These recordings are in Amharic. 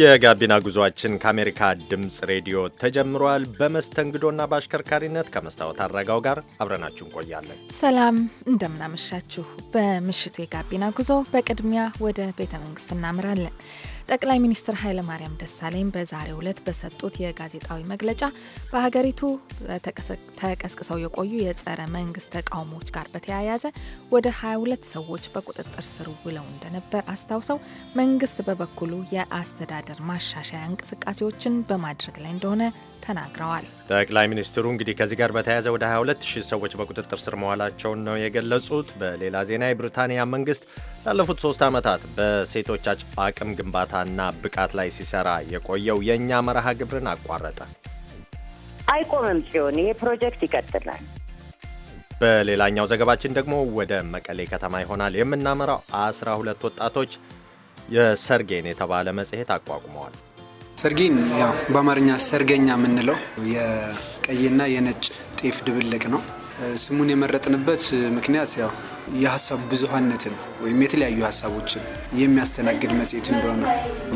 የጋቢና ጉዞአችን ከአሜሪካ ድምፅ ሬዲዮ ተጀምሯል። በመስተንግዶና በአሽከርካሪነት ከመስታወት አረጋው ጋር አብረናችሁ እንቆያለን። ሰላም እንደምናመሻችሁ። በምሽቱ የጋቢና ጉዞ በቅድሚያ ወደ ቤተ መንግስት እናምራለን። ጠቅላይ ሚኒስትር ኃይለማርያም ደሳለኝ በዛሬው ዕለት በሰጡት የጋዜጣዊ መግለጫ በሀገሪቱ ተቀስቅሰው የቆዩ የጸረ መንግስት ተቃውሞዎች ጋር በተያያዘ ወደ 22 ሰዎች በቁጥጥር ስር ውለው እንደነበር አስታውሰው መንግስት በበኩሉ የአስተዳደር ማሻሻያ እንቅስቃሴዎችን በማድረግ ላይ እንደሆነ ተናግረዋል። ጠቅላይ ሚኒስትሩ እንግዲህ ከዚህ ጋር በተያያዘ ወደ 22 ሺህ ሰዎች በቁጥጥር ስር መዋላቸውን ነው የገለጹት። በሌላ ዜና የብሪታንያ መንግስት ላለፉት ሶስት ዓመታት በሴቶች አቅም ግንባታና ብቃት ላይ ሲሰራ የቆየው የእኛ መርሃ ግብርን አቋረጠ። አይቆምም ሲሆን ይሄ ፕሮጀክት ይቀጥላል። በሌላኛው ዘገባችን ደግሞ ወደ መቀሌ ከተማ ይሆናል የምናመራው። አስራ ሁለት ወጣቶች የሰርጌን የተባለ መጽሔት አቋቁመዋል። ሰርጊን ያው በአማርኛ ሰርገኛ የምንለው የቀይና የነጭ ጤፍ ድብልቅ ነው። ስሙን የመረጥንበት ምክንያት ያው የሀሳብ ብዙሀነትን ወይም የተለያዩ ሀሳቦችን የሚያስተናግድ መጽሔት እንደሆነ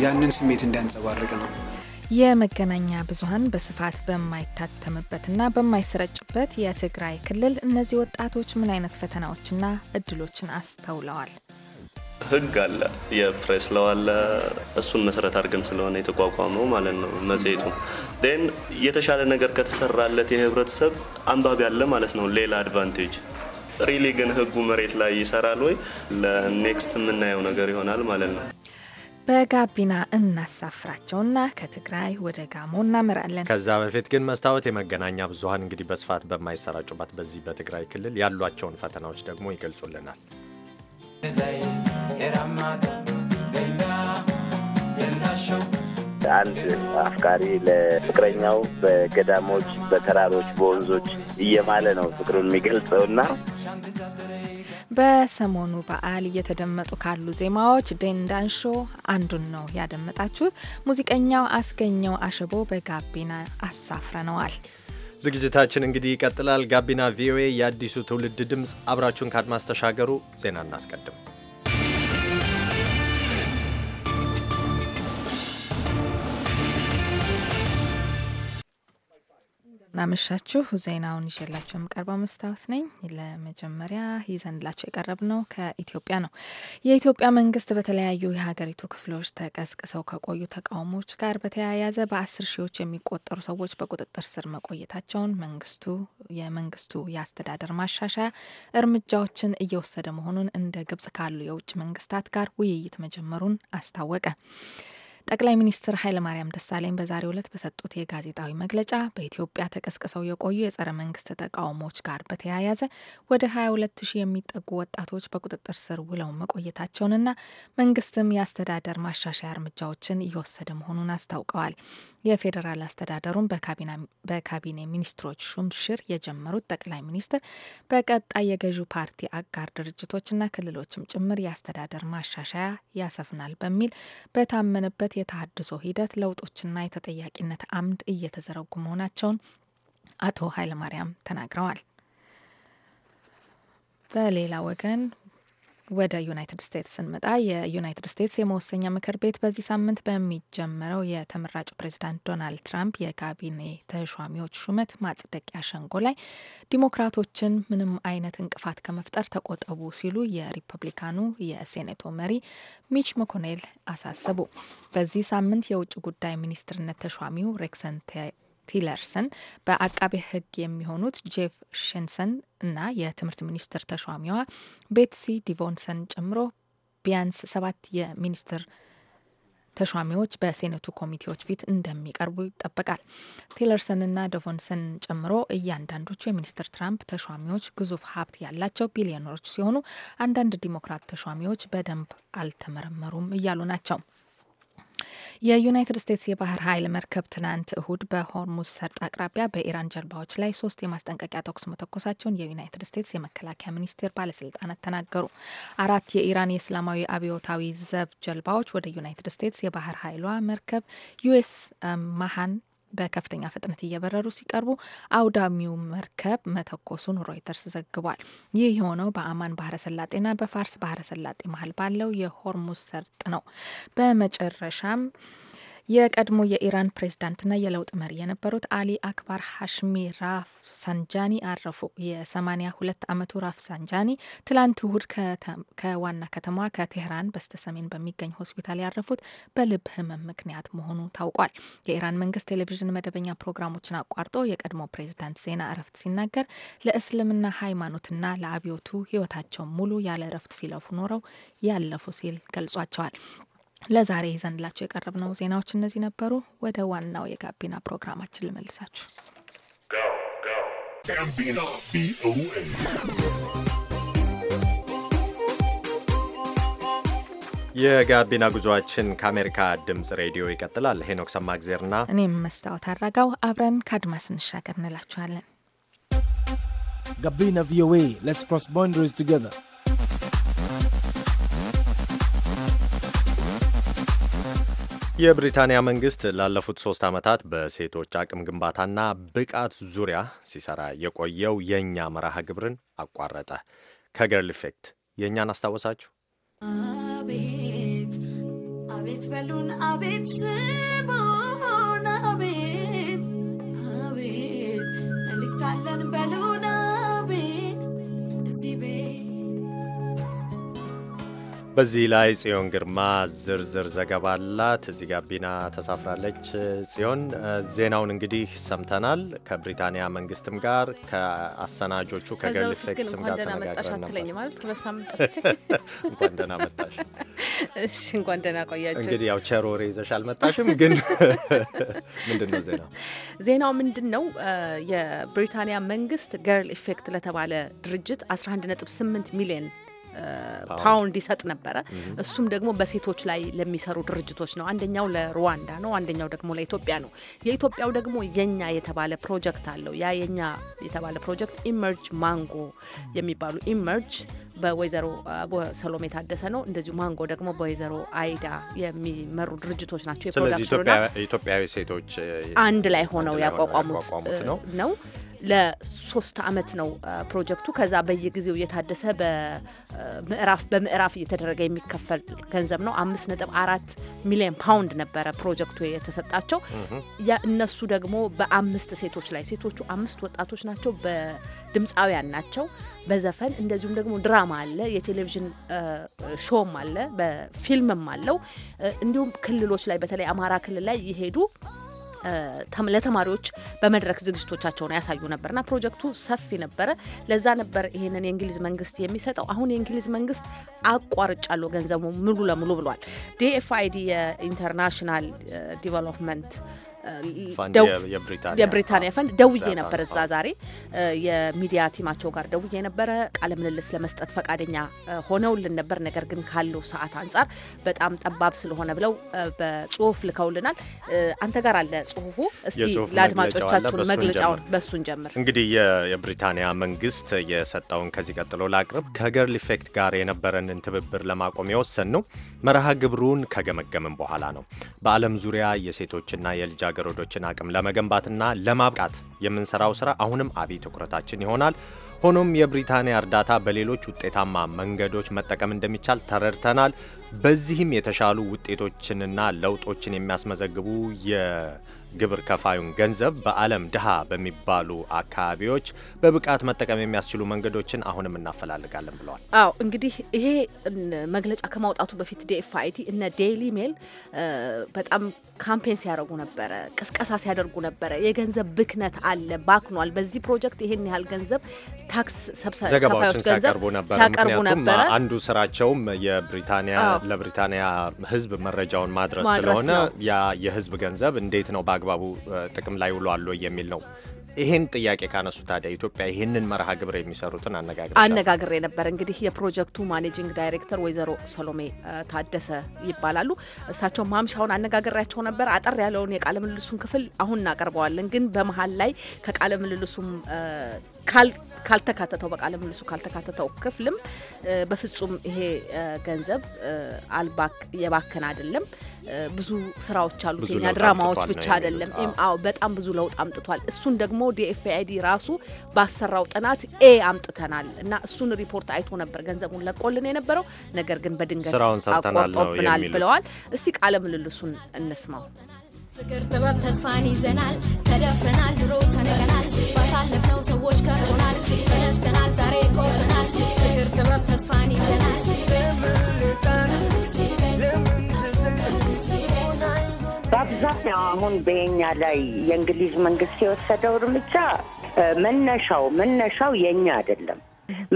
ያንን ስሜት እንዲያንጸባርቅ ነው። የመገናኛ ብዙሀን በስፋት በማይታተምበትና በማይሰረጭበት የትግራይ ክልል እነዚህ ወጣቶች ምን አይነት ፈተናዎችና እድሎችን አስተውለዋል? ህግ አለ፣ የፕሬስ ለው አለ። እሱን መሰረት አድርገን ስለሆነ የተቋቋመው ማለት ነው መጽሄቱ ን የተሻለ ነገር ከተሰራለት የህብረተሰብ አንባቢ አለ ማለት ነው። ሌላ አድቫንቴጅ ሪሊ ግን ህጉ መሬት ላይ ይሰራል ወይ? ለኔክስት የምናየው ነገር ይሆናል ማለት ነው። በጋቢና እናሳፍራቸውና ከትግራይ ወደ ጋሞ እናመራለን። ከዛ በፊት ግን መስታወት የመገናኛ ብዙሀን እንግዲህ በስፋት በማይሰራጩባት በዚህ በትግራይ ክልል ያሏቸውን ፈተናዎች ደግሞ ይገልጹልናል። አንድ አፍቃሪ ለፍቅረኛው በገዳሞች፣ በተራሮች፣ በወንዞች እየማለ ነው ፍቅሩን የሚገልጸው ና በሰሞኑ በዓል እየተደመጡ ካሉ ዜማዎች ዴንዳንሾ አንዱን ነው ያደመጣችሁት። ሙዚቀኛው አስገኘው አሸቦ በጋቢና አሳፍረነዋል። ዝግጅታችን እንግዲህ ይቀጥላል። ጋቢና ቪኦኤ የአዲሱ ትውልድ ድምፅ፣ አብራችሁን ካድማስ ተሻገሩ። ዜና እናስቀድም። እንደምናመሻችሁ ዜናውን ይዤላችሁ የምቀርበው መስታወት ነኝ። ለመጀመሪያ የቀረብ ነው ከኢትዮጵያ ነው። የኢትዮጵያ መንግስት በተለያዩ የሀገሪቱ ክፍሎች ተቀስቅሰው ከቆዩ ተቃውሞዎች ጋር በተያያዘ በአስር ሺዎች የሚቆጠሩ ሰዎች በቁጥጥር ስር መቆየታቸውን መንግስቱ የመንግስቱ የአስተዳደር ማሻሻያ እርምጃዎችን እየወሰደ መሆኑን እንደ ግብጽ ካሉ የውጭ መንግስታት ጋር ውይይት መጀመሩን አስታወቀ። ጠቅላይ ሚኒስትር ኃይለማርያም ደሳለኝ በዛሬው ዕለት በሰጡት የጋዜጣዊ መግለጫ በኢትዮጵያ ተቀስቅሰው የቆዩ የጸረ መንግስት ተቃውሞዎች ጋር በተያያዘ ወደ 22 ሺህ የሚጠጉ ወጣቶች በቁጥጥር ስር ውለው መቆየታቸውንና መንግስትም የአስተዳደር ማሻሻያ እርምጃዎችን እየወሰደ መሆኑን አስታውቀዋል። የፌዴራል አስተዳደሩን በካቢኔ ሚኒስትሮች ሹምሽር የጀመሩት ጠቅላይ ሚኒስትር በቀጣይ የገዢው ፓርቲ አጋር ድርጅቶችና ክልሎችም ጭምር የአስተዳደር ማሻሻያ ያሰፍናል በሚል በታመነበት የተሃድሶ ሂደት ለውጦችና የተጠያቂነት አምድ እየተዘረጉ መሆናቸውን አቶ ኃይለማርያም ተናግረዋል። በሌላ ወገን ወደ ዩናይትድ ስቴትስ ስንመጣ የዩናይትድ ስቴትስ የመወሰኛ ምክር ቤት በዚህ ሳምንት በሚጀመረው የተመራጩ ፕሬዚዳንት ዶናልድ ትራምፕ የካቢኔ ተሿሚዎች ሹመት ማጽደቂያ ሸንጎ ላይ ዲሞክራቶችን ምንም አይነት እንቅፋት ከመፍጠር ተቆጠቡ ሲሉ የሪፐብሊካኑ የሴኔቶ መሪ ሚች መኮኔል አሳሰቡ። በዚህ ሳምንት የውጭ ጉዳይ ሚኒስትርነት ተሿሚው ሬክሰንቴ ቲለርሰን በአቃቤ ሕግ የሚሆኑት ጄፍ ሽንሰን እና የትምህርት ሚኒስትር ተሿሚዋ ቤትሲ ዲቮንሰን ጨምሮ ቢያንስ ሰባት የሚኒስትር ተሿሚዎች በሴኔቱ ኮሚቴዎች ፊት እንደሚቀርቡ ይጠበቃል። ቲለርሰንና ደቮንሰን ጨምሮ እያንዳንዶቹ የሚኒስትር ትራምፕ ተሿሚዎች ግዙፍ ሀብት ያላቸው ቢሊዮነሮች ሲሆኑ አንዳንድ ዲሞክራት ተሿሚዎች በደንብ አልተመረመሩም እያሉ ናቸው። የዩናይትድ ስቴትስ የባህር ኃይል መርከብ ትናንት እሁድ በሆርሙዝ ሰርጥ አቅራቢያ በኢራን ጀልባዎች ላይ ሶስት የማስጠንቀቂያ ተኩስ መተኮሳቸውን የዩናይትድ ስቴትስ የመከላከያ ሚኒስቴር ባለስልጣናት ተናገሩ። አራት የኢራን የእስላማዊ አብዮታዊ ዘብ ጀልባዎች ወደ ዩናይትድ ስቴትስ የባህር ኃይሏ መርከብ ዩኤስ ማሃን በከፍተኛ ፍጥነት እየበረሩ ሲቀርቡ አውዳሚው መርከብ መተኮሱን ሮይተርስ ዘግቧል። ይህ የሆነው በአማን ባህረ ሰላጤና በፋርስ ባህረ ሰላጤ መሀል ባለው የሆርሙስ ሰርጥ ነው። በመጨረሻም የቀድሞ የኢራን ፕሬዝዳንትና የለውጥ መሪ የነበሩት አሊ አክባር ሀሽሚ ራፍ ሳንጃኒ አረፉ። ሁለት ዓመቱ ራፍ ሳንጃኒ ትላንት እሁድ ከዋና ከተማዋ ከቴህራን በስተሰሜን በሚገኝ ሆስፒታል ያረፉት በልብ ህመም ምክንያት መሆኑ ታውቋል። የኢራን መንግስት ቴሌቪዥን መደበኛ ፕሮግራሞችን አቋርጦ የቀድሞ ፕሬዝዳንት ዜና እረፍት ሲናገር ለእስልምና ሃይማኖትና ለአብዮቱ ህይወታቸው ሙሉ ያለ እረፍት ሲለፉ ኖረው ያለፉ ሲል ገልጿቸዋል። ለዛሬ ይዘንላቸው የቀረብነው ዜናዎች እነዚህ ነበሩ። ወደ ዋናው የጋቢና ፕሮግራማችን ልመልሳችሁ። የጋቢና ጉዞአችን ከአሜሪካ ድምፅ ሬዲዮ ይቀጥላል። ሄኖክ ሰማግዜርና እኔም መስታወት አረጋው አብረን ከአድማስ እንሻገር እንላችኋለን። ጋቢና ቪኦኤ ሌትስ ክሮስ ባውንደሪስ ቱጌዘር የብሪታንያ መንግስት ላለፉት ሶስት ዓመታት በሴቶች አቅም ግንባታና ብቃት ዙሪያ ሲሰራ የቆየው የእኛ መርሃ ግብርን አቋረጠ። ከገርል ኢፌክት የእኛን አስታወሳችሁ? አቤት አቤት በሉን አቤት ስቦን አቤት በዚህ ላይ ጽዮን ግርማ ዝርዝር ዘገባ አላት። እዚህ ጋቢና ተሳፍራለች። ጽዮን ዜናውን እንግዲህ ሰምተናል። ከብሪታንያ መንግስትም ጋር ከአሰናጆቹ ከገርል ፌክስም ጋር ተነጋግረን እንኳን ደህና መጣሽ። እሺ እንኳን ደህና ቆያችሁ። እንግዲህ ያው ቸሮሬ ይዘሽ አልመጣሽም፣ ግን ምንድን ነው ዜናው? ዜናው ምንድን ነው? የብሪታንያ መንግስት ገርል ኢፌክት ለተባለ ድርጅት 11.8 ሚሊዮን ፓውንድ ይሰጥ ነበረ። እሱም ደግሞ በሴቶች ላይ ለሚሰሩ ድርጅቶች ነው። አንደኛው ለሩዋንዳ ነው፣ አንደኛው ደግሞ ለኢትዮጵያ ነው። የኢትዮጵያው ደግሞ የኛ የተባለ ፕሮጀክት አለው። ያ የኛ የተባለ ፕሮጀክት ኢመርጅ ማንጎ የሚባሉ ኢመርጅ በወይዘሮ ሰሎሜ ታደሰ ነው። እንደዚሁ ማንጎ ደግሞ በወይዘሮ አይዳ የሚመሩ ድርጅቶች ናቸው። ኢትዮጵያዊ ሴቶች አንድ ላይ ሆነው ያቋቋሙት ነው። ለሶስት አመት ነው ፕሮጀክቱ። ከዛ በየጊዜው እየታደሰ በምዕራፍ በምዕራፍ እየተደረገ የሚከፈል ገንዘብ ነው። አምስት ነጥብ አራት ሚሊዮን ፓውንድ ነበረ ፕሮጀክቱ የተሰጣቸው። እነሱ ደግሞ በአምስት ሴቶች ላይ ሴቶቹ አምስት ወጣቶች ናቸው። በድምፃውያን ናቸው። በዘፈን እንደዚሁም ደግሞ ድራማ አለ፣ የቴሌቪዥን ሾም አለ፣ በፊልምም አለው። እንዲሁም ክልሎች ላይ በተለይ አማራ ክልል ላይ ይሄዱ ለተማሪዎች በመድረክ ዝግጅቶቻቸውን ያሳዩ ነበርና ፕሮጀክቱ ሰፊ ነበረ። ለዛ ነበር ይህንን የእንግሊዝ መንግስት የሚሰጠው። አሁን የእንግሊዝ መንግስት አቋርጫለሁ ገንዘቡ ሙሉ ለሙሉ ብሏል። ዲኤፍአይዲ የኢንተርናሽናል ዲቨሎፕመንት የብሪታንያ ፈንድ ደውዬ ነበር። እዛ ዛሬ የሚዲያ ቲማቸው ጋር ደውዬ ነበረ። ቃለ ምልልስ ለመስጠት ፈቃደኛ ሆነውልን ነበር። ነገር ግን ካለው ሰዓት አንጻር በጣም ጠባብ ስለሆነ ብለው በጽሁፍ ልከውልናል። አንተ ጋር አለ ጽሁፉ። እስቲ ለአድማጮቻችን መግለጫውን በሱን ጀምር። እንግዲህ የብሪታንያ መንግስት የሰጠውን ከዚህ ቀጥሎ ላቅርብ። ከገርል ኢፌክት ጋር የነበረንን ትብብር ለማቆም የወሰን ነው መርሃ ግብሩን ከገመገምን በኋላ ነው። በዓለም ዙሪያ የሴቶችና የልጃ ልጃገረዶችን አቅም ለመገንባትና ለማብቃት የምንሰራው ስራ አሁንም አብይ ትኩረታችን ይሆናል። ሆኖም የብሪታንያ እርዳታ በሌሎች ውጤታማ መንገዶች መጠቀም እንደሚቻል ተረድተናል። በዚህም የተሻሉ ውጤቶችንና ለውጦችን የሚያስመዘግቡ ግብር ከፋዩን ገንዘብ በዓለም ድሃ በሚባሉ አካባቢዎች በብቃት መጠቀም የሚያስችሉ መንገዶችን አሁንም እናፈላልጋለን ብለዋል። አዎ እንግዲህ ይሄ መግለጫ ከማውጣቱ በፊት ዲኤፍአይቲ እነ ዴይሊ ሜል በጣም ካምፔን ሲያደርጉ ነበረ፣ ቅስቀሳ ሲያደርጉ ነበረ። የገንዘብ ብክነት አለ፣ ባክኗል። በዚህ ፕሮጀክት ይሄን ያህል ገንዘብ ታክስ ዘገባዎችን ሲያቀርቡ ነበረ። ምክንያቱም አንዱ ስራቸውም የብሪታንያ ለብሪታንያ ህዝብ መረጃውን ማድረስ ስለሆነ ያ ገንዘብ እንዴት ነው በአግባቡ ጥቅም ላይ ውሏል የሚል ነው። ይህን ጥያቄ ካነሱ ታዲያ ኢትዮጵያ ይህንን መርሃ ግብር የሚሰሩትን አነጋግር አነጋግሬ ነበር። እንግዲህ የፕሮጀክቱ ማኔጂንግ ዳይሬክተር ወይዘሮ ሰሎሜ ታደሰ ይባላሉ። እሳቸው ማምሻውን አነጋግሬያቸው ነበር። አጠር ያለውን የቃለ ምልልሱን ክፍል አሁን እናቀርበዋለን። ግን በመሀል ላይ ከቃለ ምልልሱም ካልተካተተው በቃለ ምልሱ ካልተካተተው ክፍልም በፍጹም ይሄ ገንዘብ አልባክ የባከን አይደለም። ብዙ ስራዎች አሉ። ኬንያ ድራማዎች ብቻ አይደለም። አዎ በጣም ብዙ ለውጥ አምጥቷል። እሱን ደግሞ ዲኤፍአይዲ ራሱ ባሰራው ጥናት ኤ አምጥተናል እና እሱን ሪፖርት አይቶ ነበር ገንዘቡን ለቆልን የነበረው ነገር ግን በድንገት አቋርጦብናል ብለዋል። እስቲ ቃለ ምልልሱን እንስማው። ፍቅር፣ ጥበብ ተስፋን ይዘናል። ተደፍረናል፣ ድሮ ተንቀናል። ባሳለፍነው ሰዎች ከፍቶናል፣ ተነስተናል፣ ዛሬ ቆርጠናል። ፍቅር፣ ጥበብ ተስፋን ይዘናል። በአብዛኛው አሁን በኛ ላይ የእንግሊዝ መንግስት የወሰደው እርምጃ መነሻው መነሻው የኛ አይደለም።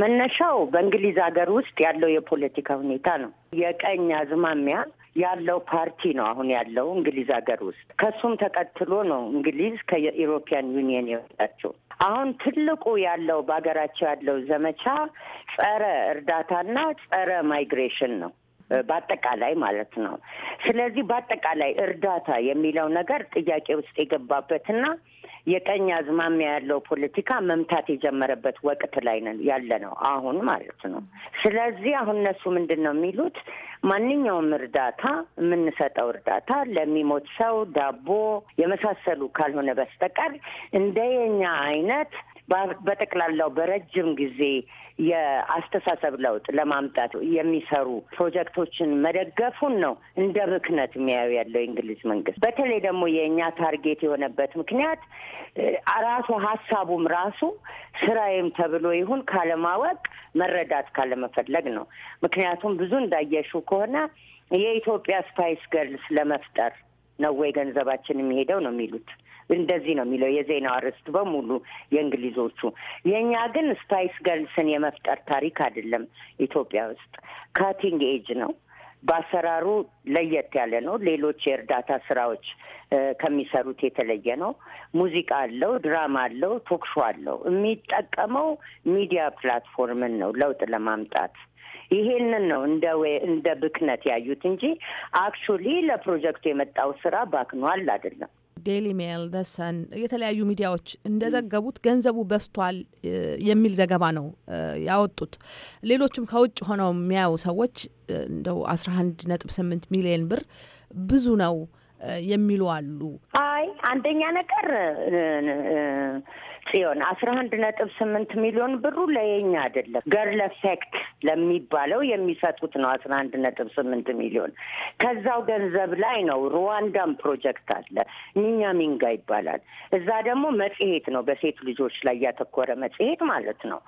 መነሻው በእንግሊዝ ሀገር ውስጥ ያለው የፖለቲካ ሁኔታ ነው። የቀኝ አዝማሚያ ያለው ፓርቲ ነው አሁን ያለው እንግሊዝ ሀገር ውስጥ። ከሱም ተቀትሎ ነው እንግሊዝ ከኢሮፒያን ዩኒየን የወጣቸው። አሁን ትልቁ ያለው በሀገራቸው ያለው ዘመቻ ጸረ እርዳታና ጸረ ማይግሬሽን ነው። በአጠቃላይ ማለት ነው። ስለዚህ በአጠቃላይ እርዳታ የሚለው ነገር ጥያቄ ውስጥ የገባበትና የቀኝ አዝማሚያ ያለው ፖለቲካ መምታት የጀመረበት ወቅት ላይ ያለ ነው አሁን ማለት ነው። ስለዚህ አሁን እነሱ ምንድን ነው የሚሉት ማንኛውም እርዳታ የምንሰጠው እርዳታ ለሚሞት ሰው ዳቦ የመሳሰሉ ካልሆነ በስተቀር እንደ የኛ አይነት በጠቅላላው በረጅም ጊዜ የአስተሳሰብ ለውጥ ለማምጣት የሚሰሩ ፕሮጀክቶችን መደገፉን ነው እንደ ብክነት የሚያዩ ያለው የእንግሊዝ መንግስት። በተለይ ደግሞ የእኛ ታርጌት የሆነበት ምክንያት ራሱ ሀሳቡም ራሱ ስራዬም ተብሎ ይሁን ካለማወቅ መረዳት ካለመፈለግ ነው። ምክንያቱም ብዙ እንዳየሹ ከሆነ የኢትዮጵያ ስፓይስ ገርልስ ለመፍጠር ነው ወይ ገንዘባችን የሚሄደው ነው የሚሉት እንደዚህ ነው የሚለው የዜናው አርዕስት በሙሉ የእንግሊዞቹ። የእኛ ግን ስፓይስ ገልስን የመፍጠር ታሪክ አይደለም ኢትዮጵያ ውስጥ ካቲንግ ኤጅ ነው። በአሰራሩ ለየት ያለ ነው። ሌሎች የእርዳታ ስራዎች ከሚሰሩት የተለየ ነው። ሙዚቃ አለው፣ ድራማ አለው፣ ቶክሾ አለው። የሚጠቀመው ሚዲያ ፕላትፎርምን ነው ለውጥ ለማምጣት ይሄንን ነው እንደ እንደ ብክነት ያዩት እንጂ አክቹሊ ለፕሮጀክቱ የመጣው ስራ ባክኗል አይደለም። ዴሊ ሜል፣ ደሰን የተለያዩ ሚዲያዎች እንደዘገቡት ገንዘቡ በስቷል የሚል ዘገባ ነው ያወጡት። ሌሎችም ከውጭ ሆነው የሚያዩ ሰዎች እንደው አንድ ነጥብ ስምንት ሚሊዮን ብር ብዙ ነው የሚሉ አሉ። አይ አንደኛ ነገር ጽዮን አስራ አንድ ነጥብ ስምንት ሚሊዮን ብሩ ለየኛ አይደለም፣ ገርል ኤፌክት ለሚባለው የሚሰጡት ነው። አስራ አንድ ነጥብ ስምንት ሚሊዮን ከዛው ገንዘብ ላይ ነው። ሩዋንዳም ፕሮጀክት አለ ሚንጋ ይባላል። እዛ ደግሞ መጽሔት ነው፣ በሴት ልጆች ላይ ያተኮረ መጽሔት ማለት ነው።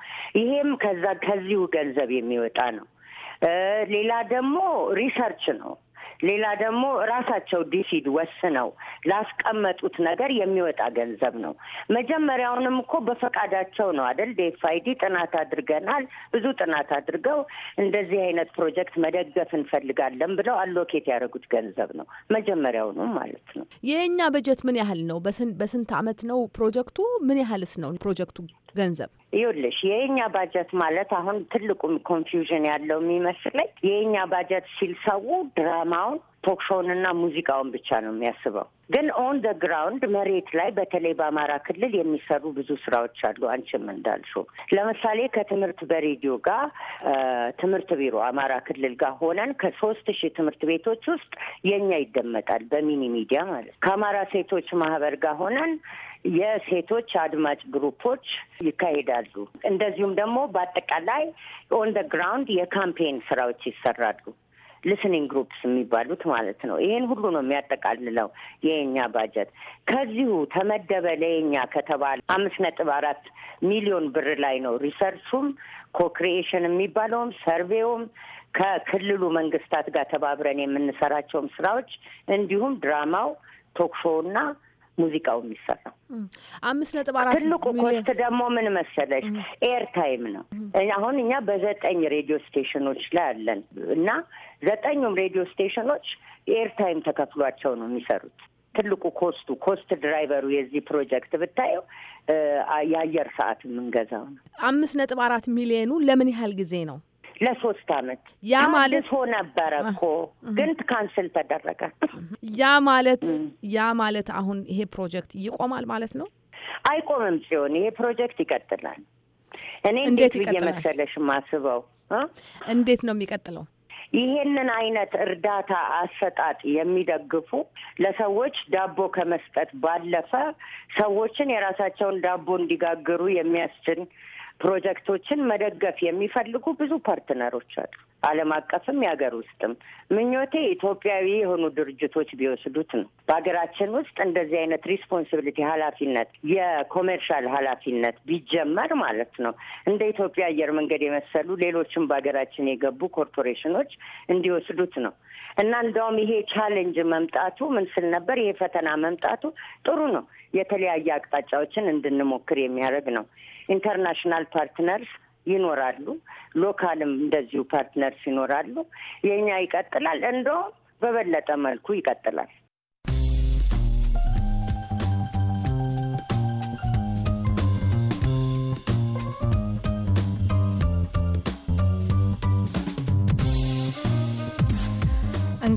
ይሄም ከዛ ከዚሁ ገንዘብ የሚወጣ ነው። ሌላ ደግሞ ሪሰርች ነው። ሌላ ደግሞ ራሳቸው ዲሲድ ወስነው ላስቀመጡት ነገር የሚወጣ ገንዘብ ነው። መጀመሪያውንም እኮ በፈቃዳቸው ነው አደል? ዴፋይዲ ጥናት አድርገናል፣ ብዙ ጥናት አድርገው እንደዚህ አይነት ፕሮጀክት መደገፍ እንፈልጋለን ብለው አሎኬት ያደረጉት ገንዘብ ነው መጀመሪያውኑ ማለት ነው። የእኛ በጀት ምን ያህል ነው? በስንት አመት ነው ፕሮጀክቱ? ምን ያህልስ ነው ፕሮጀክቱ ገንዘብ? ይኸውልሽ የእኛ ባጀት ማለት አሁን ትልቁ ኮንፊውዥን ያለው የሚመስለኝ የእኛ ባጀት ሲል ሰው ድራማ አሁን ቶክሾውንና ሙዚቃውን ብቻ ነው የሚያስበው። ግን ኦን ደ ግራውንድ መሬት ላይ በተለይ በአማራ ክልል የሚሰሩ ብዙ ስራዎች አሉ። አንቺም እንዳልሹ ለምሳሌ ከትምህርት በሬዲዮ ጋር ትምህርት ቢሮ አማራ ክልል ጋር ሆነን ከሶስት ሺህ ትምህርት ቤቶች ውስጥ የኛ ይደመጣል በሚኒ ሚዲያ ማለት ከአማራ ሴቶች ማህበር ጋር ሆነን የሴቶች አድማጭ ግሩፖች ይካሄዳሉ። እንደዚሁም ደግሞ በአጠቃላይ ኦን ደ ግራውንድ የካምፔን ስራዎች ይሰራሉ። ሊስኒንግ ግሩፕስ የሚባሉት ማለት ነው። ይህን ሁሉ ነው የሚያጠቃልለው የኛ ባጀት። ከዚሁ ተመደበ ለየኛ ከተባለ አምስት ነጥብ አራት ሚሊዮን ብር ላይ ነው ሪሰርቹም ኮክሪኤሽን የሚባለውም ሰርቬውም ከክልሉ መንግስታት ጋር ተባብረን የምንሰራቸውም ስራዎች እንዲሁም ድራማው ቶክሾውና ሙዚቃው የሚሰራው። አምስት ነጥብ አራት ትልቁ ኮስት ደግሞ ምን መሰለሽ ኤርታይም ነው። አሁን እኛ በዘጠኝ ሬዲዮ ስቴሽኖች ላይ አለን እና ዘጠኙም ሬዲዮ ስቴሽኖች ኤርታይም ተከፍሏቸው ነው የሚሰሩት። ትልቁ ኮስቱ ኮስት ድራይቨሩ የዚህ ፕሮጀክት ብታየው የአየር ሰዓት የምንገዛው ነው። አምስት ነጥብ አራት ሚሊዮኑ ለምን ያህል ጊዜ ነው? ለሶስት አመት ያ ማለት ሆ ነበረ እኮ ግን ካንስል ተደረገ። ያ ማለት ያ ማለት አሁን ይሄ ፕሮጀክት ይቆማል ማለት ነው? አይቆምም ሲሆን ይሄ ፕሮጀክት ይቀጥላል። እኔ እንዴት ብዬ መሰለሽ ማስበው እንዴት ነው የሚቀጥለው? ይሄንን አይነት እርዳታ አሰጣጥ የሚደግፉ ለሰዎች ዳቦ ከመስጠት ባለፈ ሰዎችን የራሳቸውን ዳቦ እንዲጋግሩ የሚያስችል ፕሮጀክቶችን መደገፍ የሚፈልጉ ብዙ ፓርትነሮች አሉ። ዓለም አቀፍም የሀገር ውስጥም ምኞቴ ኢትዮጵያዊ የሆኑ ድርጅቶች ቢወስዱት ነው። በሀገራችን ውስጥ እንደዚህ አይነት ሪስፖንሲቢሊቲ ኃላፊነት የኮሜርሻል ኃላፊነት ቢጀመር ማለት ነው። እንደ ኢትዮጵያ አየር መንገድ የመሰሉ ሌሎችም በሀገራችን የገቡ ኮርፖሬሽኖች እንዲወስዱት ነው እና እንደውም ይሄ ቻሌንጅ መምጣቱ ምን ስል ነበር፣ ይሄ ፈተና መምጣቱ ጥሩ ነው። የተለያየ አቅጣጫዎችን እንድንሞክር የሚያደርግ ነው። ኢንተርናሽናል ፓርትነርስ ይኖራሉ። ሎካልም እንደዚሁ ፓርትነርስ ይኖራሉ። የእኛ ይቀጥላል፣ እንደውም በበለጠ መልኩ ይቀጥላል።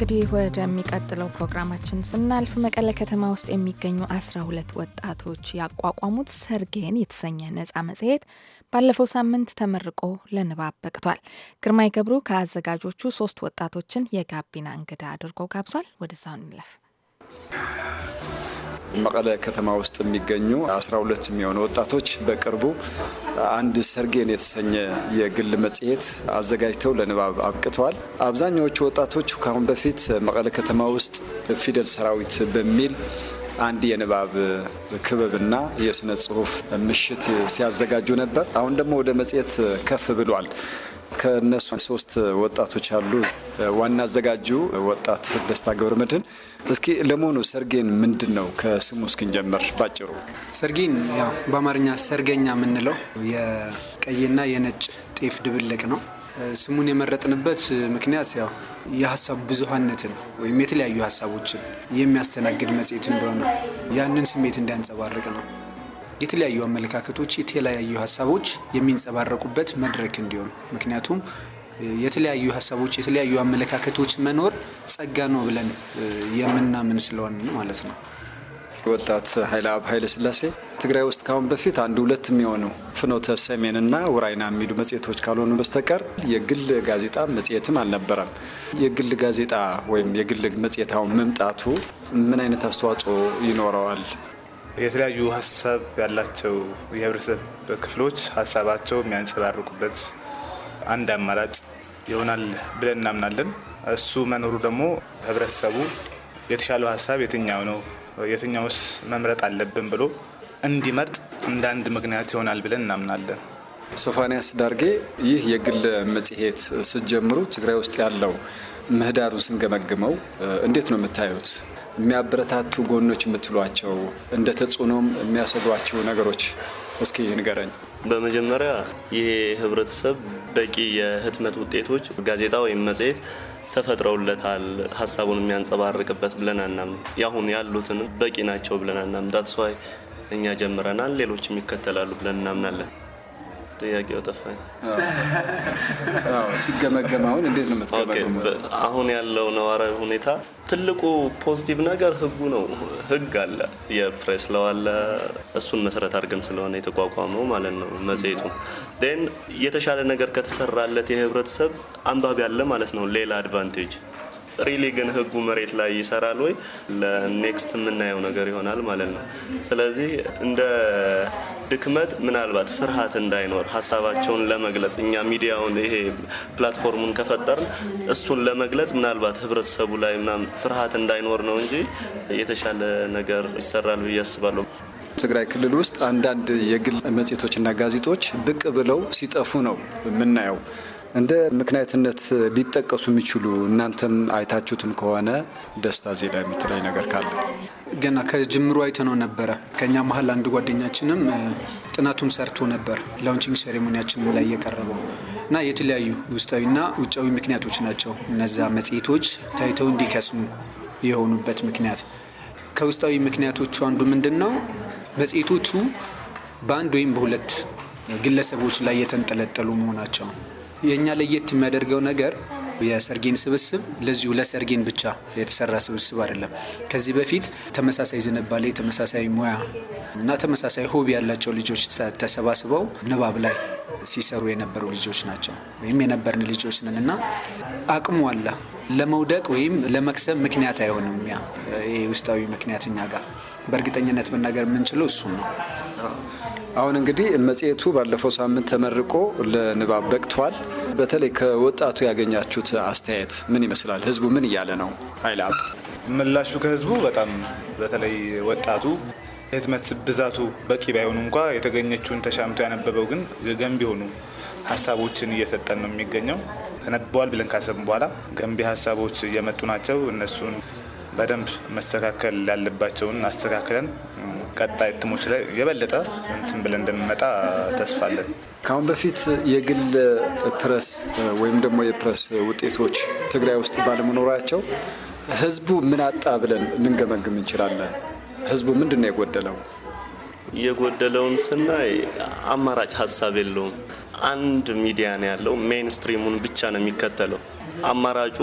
እንግዲህ ወደሚቀጥለው ፕሮግራማችን ስናልፍ መቀለ ከተማ ውስጥ የሚገኙ አስራ ሁለት ወጣቶች ያቋቋሙት ሰርጌን የተሰኘ ነጻ መጽሔት ባለፈው ሳምንት ተመርቆ ለንባብ በቅቷል። ግርማይ ገብሩ ከአዘጋጆቹ ሶስት ወጣቶችን የጋቢና እንግዳ አድርጎ ጋብዟል። ወደዛው እንለፍ። መቀለ ከተማ ውስጥ የሚገኙ 12 የሚሆኑ ወጣቶች በቅርቡ አንድ ሰርጌን የተሰኘ የግል መጽሔት አዘጋጅተው ለንባብ አብቅተዋል። አብዛኛዎቹ ወጣቶች ከአሁን በፊት መቀለ ከተማ ውስጥ ፊደል ሰራዊት በሚል አንድ የንባብ ክበብና የስነ ጽሁፍ ምሽት ሲያዘጋጁ ነበር። አሁን ደግሞ ወደ መጽሔት ከፍ ብሏል። ከእነሱ ሶስት ወጣቶች አሉ። ዋና አዘጋጁ ወጣት ደስታ ገብረመድህን። እስኪ ለመሆኑ ሰርጌን ምንድን ነው? ከስሙ እስክንጀምር ባጭሩ። ሰርጌን ያው በአማርኛ ሰርገኛ የምንለው የቀይና የነጭ ጤፍ ድብልቅ ነው። ስሙን የመረጥንበት ምክንያት ያው የሀሳብ ብዙሀነትን ወይም የተለያዩ ሀሳቦችን የሚያስተናግድ መጽሔት እንደሆነ ያንን ስሜት እንዲያንጸባርቅ ነው። የተለያዩ አመለካከቶች፣ የተለያዩ ሀሳቦች የሚንጸባረቁበት መድረክ እንዲሆን ምክንያቱም የተለያዩ ሀሳቦች፣ የተለያዩ አመለካከቶች መኖር ጸጋ ነው ብለን የምናምን ስለሆን ማለት ነው። ወጣት ኃይለ አብ ኃይለ ስላሴ ትግራይ ውስጥ ካሁን በፊት አንድ ሁለት የሚሆኑ ፍኖተ ሰሜንና ውራይና የሚሉ መጽሔቶች ካልሆኑ በስተቀር የግል ጋዜጣ መጽሔትም አልነበረም። የግል ጋዜጣ ወይም የግል መጽሔታውን መምጣቱ ምን አይነት አስተዋጽኦ ይኖረዋል? የተለያዩ ሀሳብ ያላቸው የህብረተሰብ ክፍሎች ሀሳባቸው የሚያንጸባርቁበት አንድ አማራጭ ይሆናል ብለን እናምናለን። እሱ መኖሩ ደግሞ ህብረተሰቡ የተሻለው ሀሳብ የትኛው ነው የትኛውስ መምረጥ አለብን ብሎ እንዲመርጥ እንደ አንድ ምክንያት ይሆናል ብለን እናምናለን። ሶፋንያስ ዳርጌ፣ ይህ የግል መጽሔት ስትጀምሩ ትግራይ ውስጥ ያለው ምህዳሩን ስንገመግመው እንዴት ነው የምታዩት? የሚያበረታቱ ጎኖች የምትሏቸው እንደ ተጽዕኖም የሚያሰዷቸው ነገሮች እስኪ ንገረኝ። በመጀመሪያ ይሄ ህብረተሰብ በቂ የህትመት ውጤቶች ጋዜጣ ወይም መጽሔት ተፈጥረውለታል ሀሳቡን የሚያንጸባርቅበት ብለን አናም ያሁን ያሉትን በቂ ናቸው ብለን አናምን። ዳትስዋይ እኛ ጀምረናል፣ ሌሎችም ይከተላሉ ብለን እናምናለን። ጥያቄው ጠፋኝ። ሲገመገም አሁን እንዴት ነው የምትገመገሙት? አሁን ያለው ነዋራዊ ሁኔታ ትልቁ ፖዚቲቭ ነገር ህጉ ነው። ህግ አለ፣ የፕሬስ ለው አለ። እሱን መሰረት አድርገን ስለሆነ የተቋቋመው ማለት ነው መጽሄቱ። ን የተሻለ ነገር ከተሰራለት የህብረተሰብ አንባቢ አለ ማለት ነው። ሌላ አድቫንቴጅ ሪሊ ግን ህጉ መሬት ላይ ይሰራል ወይ ለኔክስት የምናየው ነገር ይሆናል ማለት ነው። ስለዚህ እንደ ድክመት ምናልባት ፍርሃት እንዳይኖር ሀሳባቸውን ለመግለጽ እኛ ሚዲያውን ይሄ ፕላትፎርሙን ከፈጠርን እሱን ለመግለጽ ምናልባት ህብረተሰቡ ላይ ምናምን ፍርሃት እንዳይኖር ነው እንጂ የተሻለ ነገር ይሰራል ብዬ አስባለሁ። ትግራይ ክልል ውስጥ አንዳንድ የግል መጽሔቶችና ጋዜጦች ብቅ ብለው ሲጠፉ ነው የምናየው። እንደ ምክንያትነት ሊጠቀሱ የሚችሉ እናንተም አይታችሁትም ከሆነ ደስታ ዜላ የምትለይ ነገር ካለ ገና ከጅምሩ አይተነው ነበረ። ከኛ መሀል አንድ ጓደኛችንም ጥናቱን ሰርቶ ነበር ላውንቺንግ ሴሬሞኒያችንም ላይ የቀረበው እና የተለያዩ ውስጣዊና ውጫዊ ምክንያቶች ናቸው እነዛ መጽሔቶች ታይተው እንዲከስሙ የሆኑበት ምክንያት። ከውስጣዊ ምክንያቶቹ አንዱ ምንድን ነው? መጽሔቶቹ በአንድ ወይም በሁለት ግለሰቦች ላይ የተንጠለጠሉ መሆናቸው የእኛ ለየት የሚያደርገው ነገር የሰርጌን ስብስብ ለዚሁ ለሰርጌን ብቻ የተሰራ ስብስብ አይደለም። ከዚህ በፊት ተመሳሳይ ዝንባሌ፣ ተመሳሳይ ሙያ እና ተመሳሳይ ሆቢ ያላቸው ልጆች ተሰባስበው ንባብ ላይ ሲሰሩ የነበሩ ልጆች ናቸው ወይም የነበርን ልጆች ነን እና አቅሙ አለ ለመውደቅ ወይም ለመክሰብ ምክንያት አይሆንም። ያ ይህ ውስጣዊ ምክንያት እኛ ጋር በእርግጠኝነት መናገር የምንችለው እሱን ነው። አሁን እንግዲህ መጽሔቱ ባለፈው ሳምንት ተመርቆ ለንባብ በቅቷል። በተለይ ከወጣቱ ያገኛችሁት አስተያየት ምን ይመስላል? ህዝቡ ምን እያለ ነው? አይላብ ምላሹ ከህዝቡ በጣም በተለይ ወጣቱ የህትመት ብዛቱ በቂ ባይሆኑ እንኳ የተገኘችውን ተሻምቶ ያነበበው ግን ገንቢ የሆኑ ሀሳቦችን እየሰጠን ነው የሚገኘው። ተነበዋል ብለን ካሰብን በኋላ ገንቢ ሀሳቦች እየመጡ ናቸው። እነሱን በደንብ መስተካከል ያለባቸውን አስተካክለን ቀጣይ እትሞች ላይ የበለጠ እንትን ብለን እንደሚመጣ ተስፋ አለን። ከአሁን በፊት የግል ፕረስ ወይም ደግሞ የፕረስ ውጤቶች ትግራይ ውስጥ ባለመኖራቸው ህዝቡ ምን አጣ ብለን ልንገመግም እንችላለን? ህዝቡ ምንድን ነው የጎደለው? የጎደለውን ስናይ አማራጭ ሀሳብ የለውም። አንድ ሚዲያ ነው ያለው። ሜይንስትሪሙን ብቻ ነው የሚከተለው። አማራጩ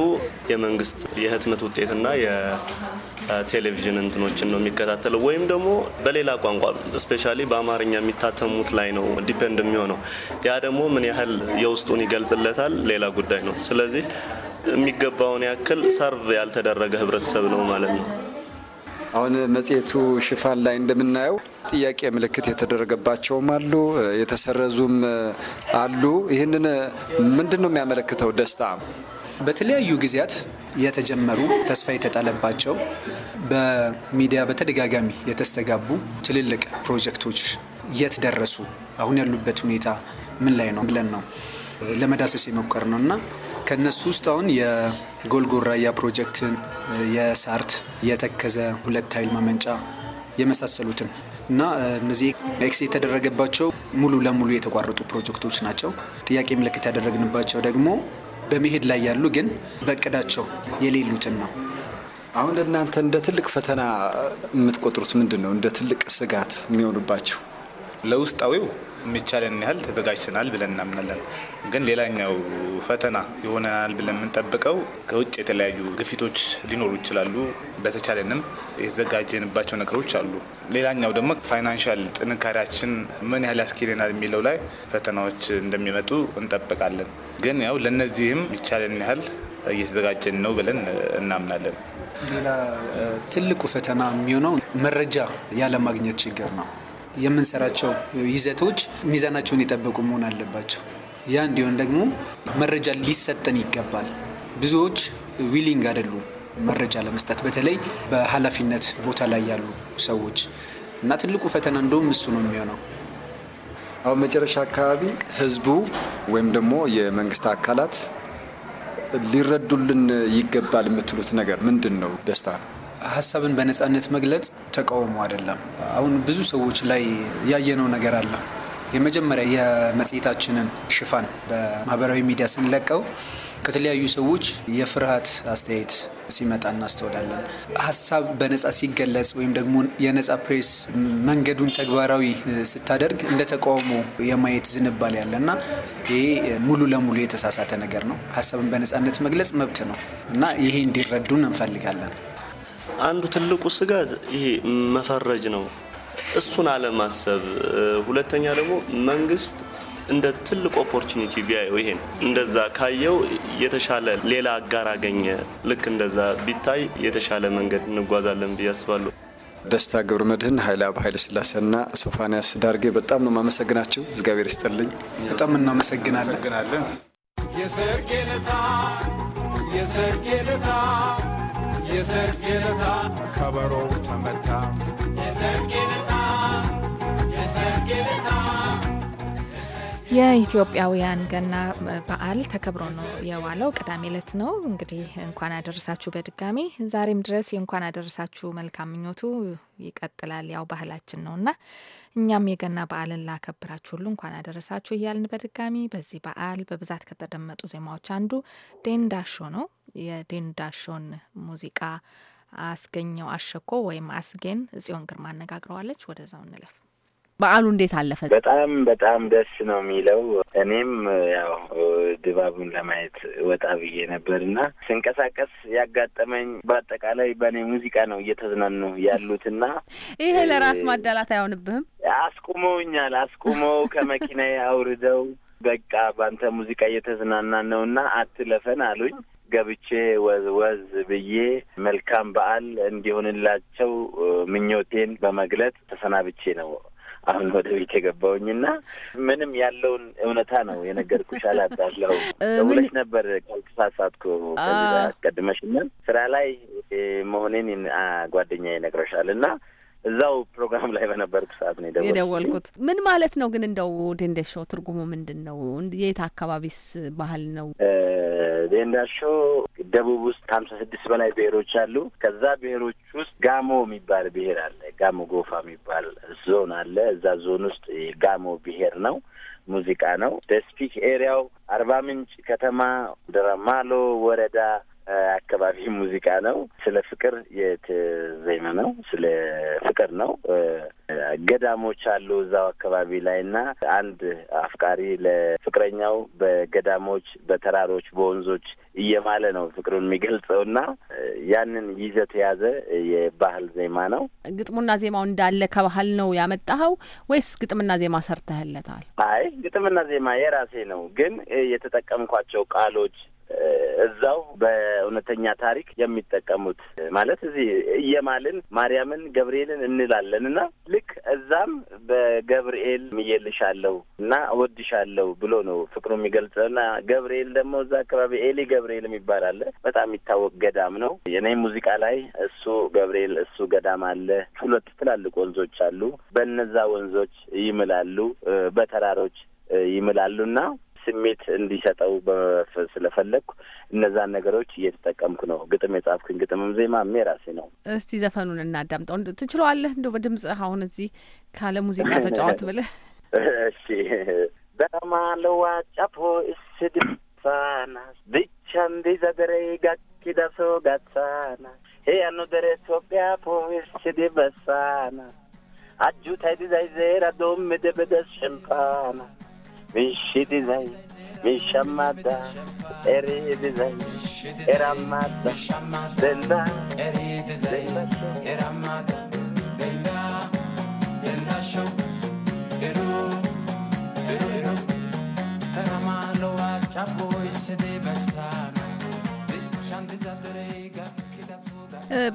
የመንግስት የህትመት ውጤትና የቴሌቪዥን እንትኖችን ነው የሚከታተለው ወይም ደግሞ በሌላ ቋንቋ ስፔሻሊ በአማርኛ የሚታተሙት ላይ ነው ዲፔንድ የሚሆነው። ያ ደግሞ ምን ያህል የውስጡን ይገልጽለታል ሌላ ጉዳይ ነው። ስለዚህ የሚገባውን ያክል ሰርቭ ያልተደረገ ህብረተሰብ ነው ማለት ነው። አሁን መጽሔቱ ሽፋን ላይ እንደምናየው ጥያቄ ምልክት የተደረገባቸውም አሉ፣ የተሰረዙም አሉ። ይህንን ምንድን ነው የሚያመለክተው? ደስታ በተለያዩ ጊዜያት የተጀመሩ ተስፋ የተጣለባቸው በሚዲያ በተደጋጋሚ የተስተጋቡ ትልልቅ ፕሮጀክቶች የት ደረሱ? አሁን ያሉበት ሁኔታ ምን ላይ ነው ብለን ነው ለመዳሰስ የሞከር ነው እና ከነሱ ውስጥ አሁን የጎልጎራያ ፕሮጀክትን፣ የሳርት፣ የተከዘ ሁለት ኃይል ማመንጫ የመሳሰሉትን እና እነዚህ ኤክስ የተደረገባቸው ሙሉ ለሙሉ የተቋረጡ ፕሮጀክቶች ናቸው። ጥያቄ ምልክት ያደረግንባቸው ደግሞ በመሄድ ላይ ያሉ ግን በእቅዳቸው የሌሉትን ነው። አሁን እናንተ እንደ ትልቅ ፈተና የምትቆጥሩት ምንድን ነው? እንደ ትልቅ ስጋት የሚሆኑባቸው ለውስጣዊው የሚቻለን ያህል ተዘጋጅተናል ብለን እናምናለን። ግን ሌላኛው ፈተና ይሆናል ብለን የምንጠብቀው ከውጭ የተለያዩ ግፊቶች ሊኖሩ ይችላሉ። በተቻለንም የተዘጋጀንባቸው ነገሮች አሉ። ሌላኛው ደግሞ ፋይናንሻል ጥንካሬያችን ምን ያህል ያስኬደናል የሚለው ላይ ፈተናዎች እንደሚመጡ እንጠብቃለን። ግን ያው ለእነዚህም የሚቻለን ያህል እየተዘጋጀን ነው ብለን እናምናለን። ሌላ ትልቁ ፈተና የሚሆነው መረጃ ያለማግኘት ችግር ነው። የምንሰራቸው ይዘቶች ሚዛናቸውን የጠበቁ መሆን አለባቸው። ያ እንዲሆን ደግሞ መረጃ ሊሰጠን ይገባል። ብዙዎች ዊሊንግ አይደሉም መረጃ ለመስጠት በተለይ በኃላፊነት ቦታ ላይ ያሉ ሰዎች እና ትልቁ ፈተና እንደውም እሱ ነው የሚሆነው። አሁን መጨረሻ አካባቢ ህዝቡ ወይም ደግሞ የመንግስት አካላት ሊረዱልን ይገባል የምትሉት ነገር ምንድን ነው? ደስታ ነው ሀሳብን በነፃነት መግለጽ ተቃውሞ አይደለም። አሁን ብዙ ሰዎች ላይ ያየነው ነገር አለ። የመጀመሪያ የመጽሔታችንን ሽፋን በማህበራዊ ሚዲያ ስንለቀው ከተለያዩ ሰዎች የፍርሃት አስተያየት ሲመጣ እናስተውላለን። ሀሳብ በነፃ ሲገለጽ ወይም ደግሞ የነፃ ፕሬስ መንገዱን ተግባራዊ ስታደርግ እንደ ተቃውሞ የማየት ዝንባሌ ያለ እና ይሄ ሙሉ ለሙሉ የተሳሳተ ነገር ነው። ሀሳብን በነፃነት መግለጽ መብት ነው እና ይሄ እንዲረዱን እንፈልጋለን። አንዱ ትልቁ ስጋት ይሄ መፈረጅ ነው፣ እሱን አለማሰብ። ሁለተኛ ደግሞ መንግስት እንደ ትልቅ ኦፖርቹኒቲ ቢያየው ይሄን እንደዛ ካየው የተሻለ ሌላ አጋር አገኘ። ልክ እንደዛ ቢታይ የተሻለ መንገድ እንጓዛለን ብዬ አስባለሁ። ደስታ ገብረ መድህን፣ ሀይለአብ ኃይለስላሴና ሶፋንያስ ዳርጌ በጣም ነው ማመሰግናቸው። እግዚአብሔር ይስጥልኝ። በጣም እናመሰግናለን። የሰርጌ ለታ የሰርጌ ለታ የሰርጌ ለታ ተመታ ለታ ለታ የኢትዮጵያውያን ገና በዓል ተከብሮ ነው የዋለው። ቅዳሜ ዕለት ነው እንግዲህ። እንኳን አደረሳችሁ በድጋሚ ዛሬም ድረስ የእንኳን አደረሳችሁ መልካም ምኞቱ ይቀጥላል። ያው ባህላችን ነው እና እኛም የገና በዓልን ላከብራችሁ ሁሉ እንኳን አደረሳችሁ እያልን በድጋሚ በዚህ በዓል በብዛት ከተደመጡ ዜማዎች አንዱ ዴንዳሾ ነው። የዴንዳሾን ሙዚቃ አስገኘው አሸኮ ወይም አስጌን ጽዮን ግርማ አነጋግረዋለች። ወደዛው እንለፍ። በዓሉ እንዴት አለፈ? በጣም በጣም ደስ ነው የሚለው። እኔም ያው ድባቡን ለማየት ወጣ ብዬ ነበር እና ስንቀሳቀስ ያጋጠመኝ በአጠቃላይ በእኔ ሙዚቃ ነው እየተዝናኑ ያሉት እና ይሄ ለራስ ማዳላት አይሆንብህም? አስቁመውኛል። አስቁመው ከመኪና አውርደው በቃ በአንተ ሙዚቃ እየተዝናና ነው እና አትለፈን አሉኝ። ገብቼ ወዝ ወዝ ብዬ መልካም በዓል እንዲሆንላቸው ምኞቴን በመግለጽ ተሰናብቼ ነው አሁን ወደ ቤት የገባውኝና ምንም ያለውን እውነታ ነው የነገርኩሽ። አላጣለሁ ደውለሽ ነበር ካልተሳሳትኩ አስቀድመሽና ስራ ላይ መሆኔን ጓደኛ ይነግረሻል እና እዛው ፕሮግራም ላይ በነበርኩ ሰዓት ነው የደወልኩት። ምን ማለት ነው ግን እንደው ዴንዴሾ ትርጉሙ ምንድን ነው? የት አካባቢስ ባህል ነው? እንዳልሽው ደቡብ ውስጥ ከሀምሳ ስድስት በላይ ብሔሮች አሉ። ከዛ ብሔሮች ውስጥ ጋሞ የሚባል ብሔር አለ። ጋሞ ጎፋ የሚባል ዞን አለ። እዛ ዞን ውስጥ የጋሞ ብሔር ነው። ሙዚቃ ነው። ደስፒክ ኤሪያው አርባ ምንጭ ከተማ፣ ደረማሎ ወረዳ አካባቢ ሙዚቃ ነው። ስለ ፍቅር የተዘመ ነው። ስለ ፍቅር ነው። ገዳሞች አሉ እዛው አካባቢ ላይ እና አንድ አፍቃሪ ለፍቅረኛው በገዳሞች፣ በተራሮች፣ በወንዞች እየማለ ነው ፍቅሩን የሚገልጸው እና ያንን ይዘት የያዘ የባህል ዜማ ነው። ግጥሙና ዜማው እንዳለ ከባህል ነው ያመጣኸው ወይስ ግጥምና ዜማ ሰርተህለታል? አይ ግጥምና ዜማ የራሴ ነው፣ ግን የተጠቀምኳቸው ቃሎች እዛው በእውነተኛ ታሪክ የሚጠቀሙት ማለት እዚህ እየማልን ማርያምን ገብርኤልን እንላለን እና ልክ እዛም በገብርኤል ምዬልሻለሁ እና እወድሻለሁ ብሎ ነው ፍቅሩ የሚገልጸው እና ገብርኤል ደግሞ እዛ አካባቢ ኤሊ ገብርኤል የሚባል አለ። በጣም የሚታወቅ ገዳም ነው። የኔ ሙዚቃ ላይ እሱ ገብርኤል እሱ ገዳም አለ። ሁለት ትላልቅ ወንዞች አሉ። በነዛ ወንዞች ይምላሉ፣ በተራሮች ይምላሉና ስሜት እንዲሰጠው ስለፈለግኩ እነዛን ነገሮች እየተጠቀምኩ ነው። ግጥም የጻፍኩኝ ግጥምም ዜማም የራሴ ነው። እስቲ ዘፈኑን እናዳምጠው። ትችለዋለህ? እንደ በድምጽ አሁን እዚህ ካለ ሙዚቃ ተጫወት ብለህ እሺ በማለዋ ጫፎ እስድ ፋና ብቻንዲ ዘገሬ ጋኪዳሶ ጋሳና ሄያኑ ደረ ኢትዮጵያ ፖስድ በሳና አጁ ታይዲዛይዜራ ዶምድብደስ ሽምፓና Mishidizai, Mishamada, Eridizai, Eramada, Denda, Eridizai, Eramada, Denda, Denda Show, Eru, Eru, Eru, Taramalo, Chapo, Isidibasa, Chandizadrega.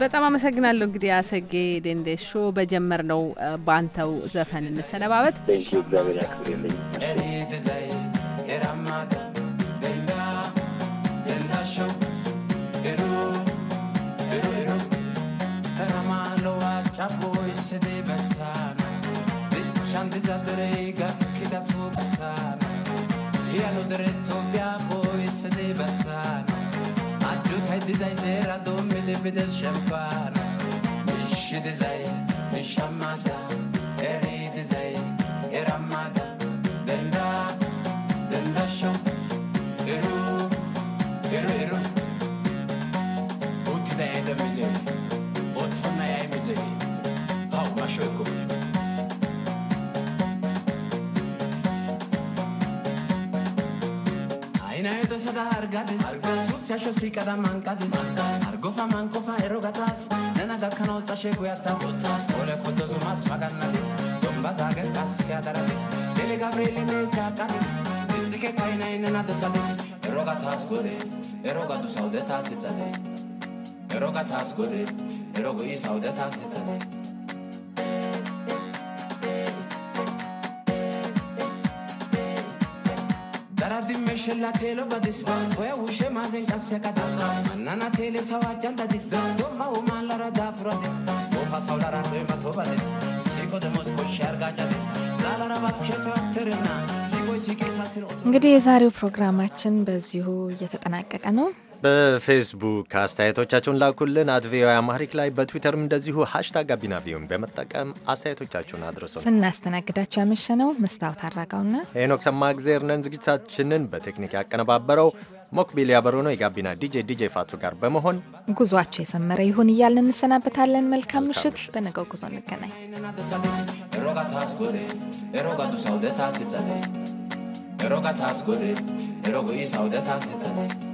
በጣም አመሰግናለሁ። እንግዲህ አሰጌ በጀመር ነው በአንተው ዘፈን እንሰነባበት። Io non diretto mia poi se ne passare zera dove deve scappare Mishi di zai, mishamada Eri di zai, eramada Denda, denda shom Eru, eru eru Uti da eda mizi Otona ya mizi Hau maşoy kumuş ეგეზა და არ გადის სუციაშო სიკა და მანკადის არგოფა მანკოფა ეროგათას ნანა გაქანო წაშე გუათას ოლე ხუდო ზუმას მაგანადის დომბაზაგეს კასია დარადის დელე გაბრიელი ნეს ჯაკადის ზიკე ქაინა ინანა დესადის ეროგათას გური ეროგათუ საუდეთას იწადე ეროგათას გური ეროგო ის საუდეთას იწადე Karadimeshella telo badistas. Where we share mazen kasekatas. Nana tele sawajanda distas. Doma umalara da frodis. Mofa saulara doima tobades. Siko de Moscow shargajades. ዛላራ ባስኬቶ አክተርና ሲጎይ ሲቄሳትን እንግዲህ የዛሬው ፕሮግራማችን በዚሁ እየተጠናቀቀ ነው። በፌስቡክ አስተያየቶቻችሁን ላኩልን፣ አት ቪኦኤ አማሪክ ላይ በትዊተርም እንደዚሁ ሀሽታግ ጋቢና ቪዮን በመጠቀም አስተያየቶቻችሁን አድርሰው። ስናስተናግዳችሁ ያመሸነው መስታወት አድራጋውና ሄኖክ ሰማእግዜር ነን። ዝግጅታችንን በቴክኒክ ያቀነባበረው ሞክቢል ያበሮ ነው። የጋቢና ዲጄ ዲጄ ፋቱ ጋር በመሆን ጉዟቸው የሰመረ ይሁን እያልን እንሰናበታለን። መልካም ምሽት። በነገው ጉዞ እንገናኝ። Ero ka tas gode, ero go is out